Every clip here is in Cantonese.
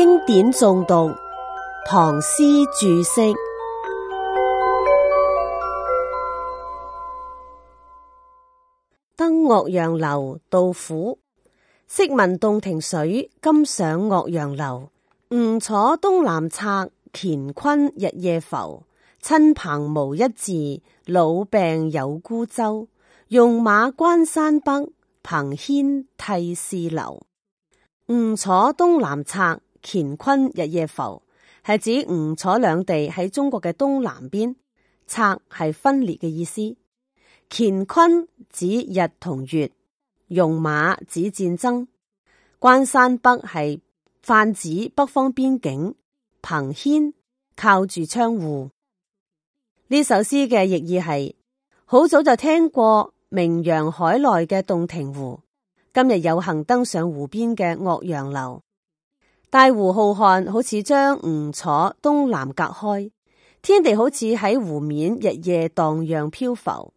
經典誦讀，唐詩注釋。《登岳陽樓》杜甫：昔聞洞庭水，今上岳陽樓。吳楚東南坼，乾坤日夜浮。親朋無一字，老病有孤舟。戎馬關山北，憑軒涕泗流。吳楚東南坼。」乾坤日夜浮。係指吳楚兩地喺中國嘅東南邊。拆係分裂嘅意思。乾坤指日同月，戎馬指戰爭。關山北係泛指北方邊境。憑軒靠住窗戶。呢首詩嘅譯意係，好早就聽過名揚海內嘅洞庭湖，今日有幸登上湖邊嘅岳陽樓。大湖浩瀚，好似將吳楚東南隔開，天地好似喺湖面日夜蕩漾漂浮。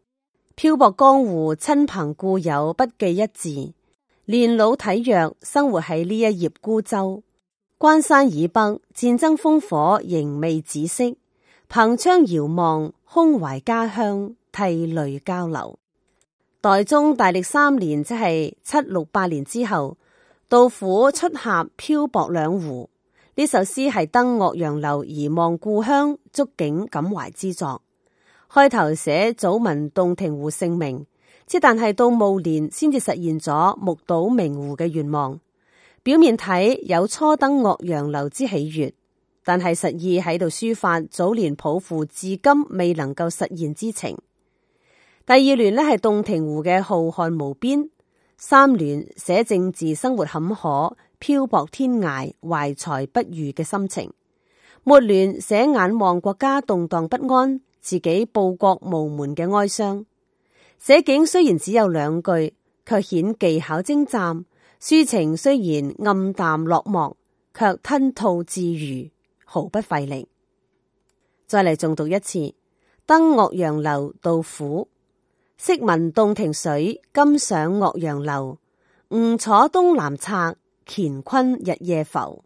漂泊江湖，親朋故友不記一字，年老體弱，生活喺呢一葉孤舟。關山以北，戰爭烽火仍未止息。憑窗遙望，胸懷家鄉，涕淚交流。代宗大曆三年，即係七六八年之後。杜甫出峽漂泊兩湖，呢首詩係登岳陽樓而望故鄉，觸景感懷之作。開頭寫早聞洞庭湖盛名，即但係到暮年先至實現咗目睹名湖嘅願望。表面睇有初登岳陽樓之喜悅，但係實意喺度抒發早年抱負至今未能夠實現之情。第二聯呢係洞庭湖嘅浩瀚無邊。三聯寫政治生活坎坷、漂泊天涯、懷才不遇嘅心情；末聯寫眼望國家動盪不安，自己報國無門嘅哀傷。寫景雖然只有兩句，卻顯技巧精湛；抒情雖然暗淡落寞，卻吞吐自如，毫不費力。再嚟重讀一次《登岳陽樓》，杜甫。昔聞洞庭水，今上岳陽樓。吳楚東南坼，乾坤日夜浮。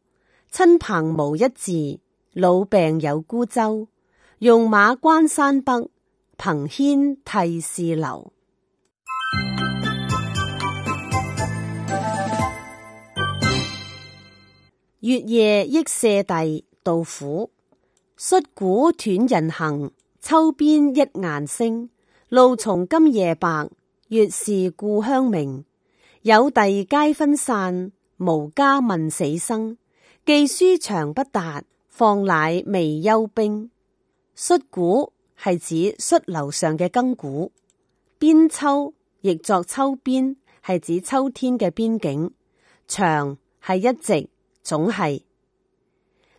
親朋無一字，老病有孤舟。戎馬關山北，憑軒涕泗流。月夜憶舍弟，杜甫。戍鼓斷人行，秋邊一雁聲。露從今夜白，月是故鄉明。有弟皆分散，無家問死生。寄書長不達，況乃未休兵。戍鼓係指戍樓上嘅更鼓，邊秋亦作秋邊，係指秋天嘅邊境。長係一直，總係。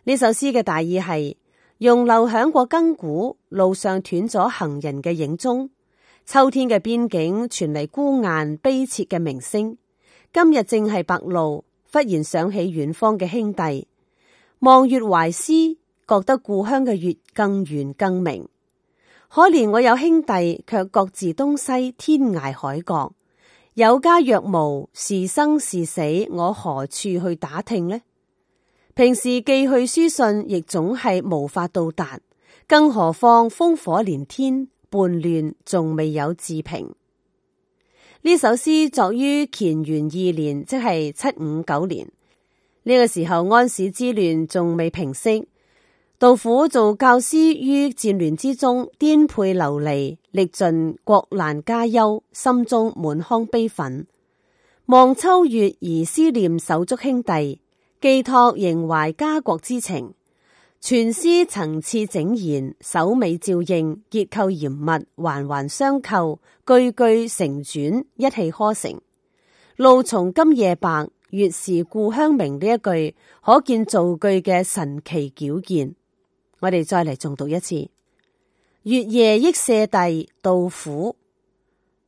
呢首詩嘅大意係用樓響過更鼓，路上斷咗行人嘅影蹤。秋天嘅邊境傳嚟孤雁悲切嘅鳴聲，今日正係白露，忽然想起遠方嘅兄弟，望月懷思，覺得故鄉嘅月更圓更明。可憐我有兄弟，卻各自東西，天涯海角。有家若無，是生是死，我何處去打聽呢？平時寄去書信，亦總係無法到達，更何況烽火連天。叛亂仲未有治平，呢首詩作於乾元二年，即係七五九年。呢、這個時候安史之亂仲未平息，杜甫做教師於戰亂之中顛沛流離，歷盡國難家憂，心中滿腔悲憤，望秋月而思念手足兄弟，寄託縈懷家國之情。全詩層次井然，首尾照應，結構嚴密，環環相扣，句句成轉，一氣呵成。露從今夜白，月是故鄉明。呢一句可見造句嘅神奇矯健。我哋再嚟重讀一次：月夜憶舍弟，杜甫。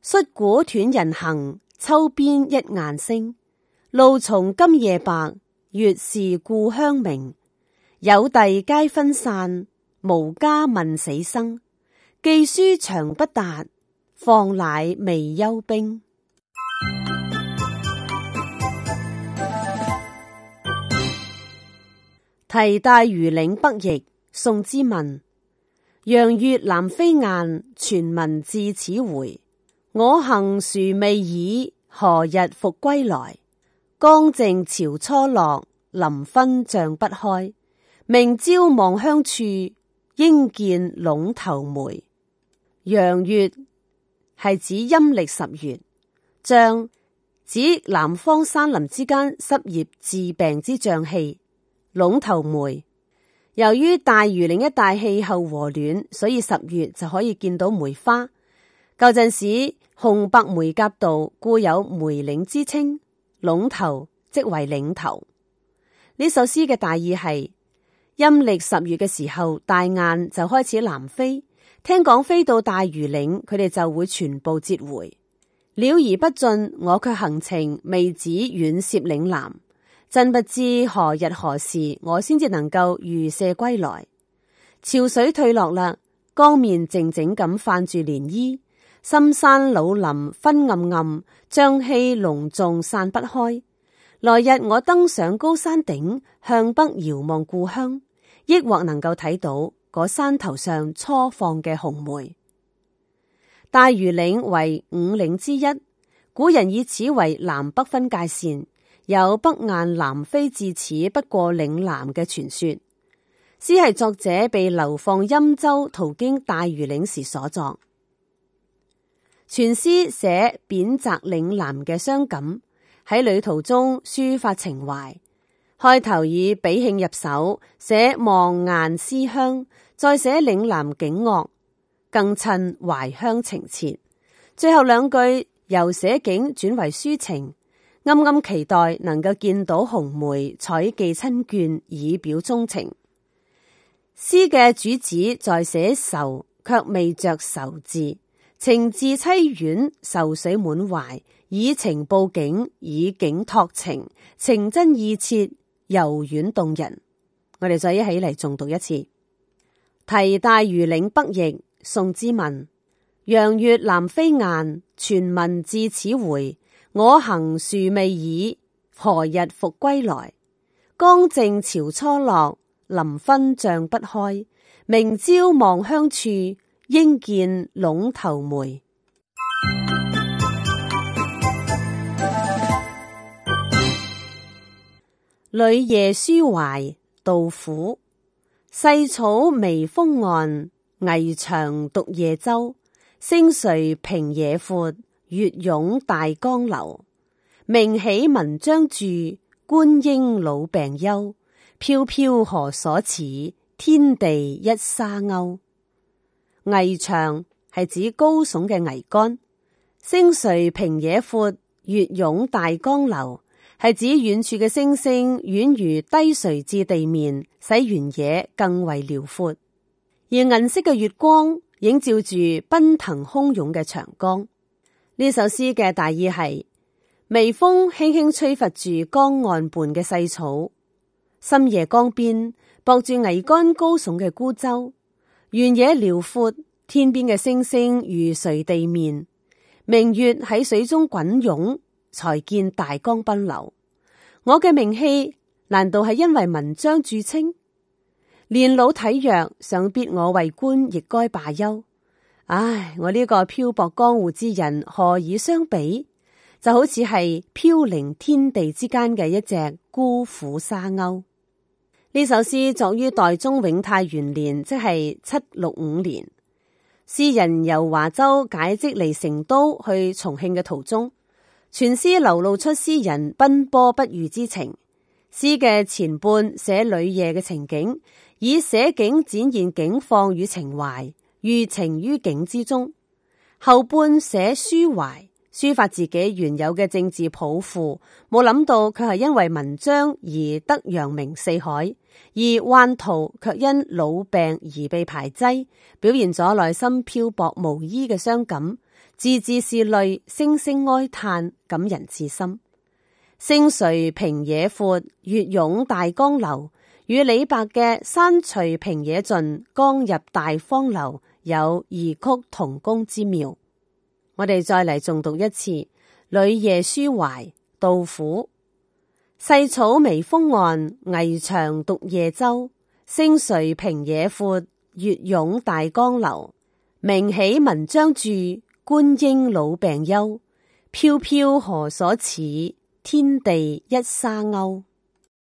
戍鼓斷人行，秋邊一雁聲。露從今夜白，月是故鄉明。有弟皆分散，無家問死生。寄書長不達，況乃未休兵。題大庾嶺北驛。宋之問。陽月南飛雁，傳聞至此回。我行殊未已，何日復歸來？江靜潮初落，林昏瘴不開。明朝望鄉處，應見隴頭梅。陽月係指陰曆十月，瘴指南方山林之間濕熱致病之瘴氣。隴頭梅由於大庾嶺一帶氣候和暖，所以十月就可以見到梅花。舊陣時紅白梅夾道，故有梅嶺之稱。隴頭即為嶺頭。呢首詩嘅大意係。陰曆十月嘅時候，大雁就開始南飛。聽講飛到大庾嶺，佢哋就會全部折回。鳥兒不進，我卻行程未止，遠涉嶺南。真不知何日何時，我先至能夠遇赦歸來。潮水退落啦，江面靜靜咁泛住漣漪，深山老林昏暗暗，瘴氣隆重散不開。來日我登上高山頂，向北遙望故鄉，抑或能夠睇到嗰山頭上初放嘅紅梅。大庾嶺為五嶺之一，古人以此為南北分界線，有北雁南飛至此不過嶺南嘅傳說。詩係作者被流放欽州途經大庾嶺時所作，全詩寫貶謫嶺南嘅傷感。喺旅途中抒發情懷，開頭以比興入手，寫望雁思鄉，再寫嶺南景惡，更襯懷鄉情切。最後兩句由寫景轉為抒情，暗暗期待能夠見到紅梅，採寄親眷，以表衷情。詩嘅主旨在寫愁，卻未着愁字，情字凄婉，愁水滿懷。以情報景，以景托情，情真意切，柔軟動人。我哋再一起嚟重讀一次：題大庾嶺北驛，宋之問。陽月南飛雁，傳聞至此回。我行殊未已，何日復歸來？江靜潮初落，林昏瘴不開。明朝望鄉處，應見隴頭梅。旅夜書懷，杜甫。細草微風岸，危檣獨夜舟。星垂平野闊，月湧大江流。名豈文章著，官應老病休。飄飄何所似？天地一沙鷗。危檣係指高聳嘅桅杆。星垂平野闊，月湧大江流。係指遠處嘅星星遠如低垂至地面，使原野更為遼闊。而銀色嘅月光映照住奔騰洶湧嘅長江。呢首詩嘅大意係：微風輕輕吹拂住江岸畔嘅細草，深夜江邊泊住桅杆高聳嘅孤舟。原野遼闊，天邊嘅星星如垂地面，明月喺水中滾湧。才見大江奔流，我嘅名氣難道係因為文章著稱？年老體弱，想必我為官，亦該罷休。唉，我呢個漂泊江湖之人，何以相比？就好似係飄零天地之間嘅一隻孤苦沙鷗。呢首詩作於代宗永泰元年，即係七六五年，詩人由華州解職嚟成都去重慶嘅途中。全詩流露出詩人奔波不遇之情。詩嘅前半寫旅夜嘅情景，以寫景展現景況與情懷，寓情於景之中；後半寫抒懷。抒發自己原有嘅政治抱負，冇諗到佢係因為文章而得揚名四海，而宦途卻因老病而被排擠，表現咗內心漂泊無依嘅傷感，字字是淚，聲聲哀嘆，感人至深。星垂平野闊，月湧大江流，與李白嘅山隨平野盡，江入大荒流有異曲同工之妙。我哋再嚟誦讀一次《旅夜書懷》杜甫：細草微風岸，危檣獨夜舟。星垂平野闊，月湧大江流。名豈文章著，官應老病休。飄飄何所似？天地一沙鷗。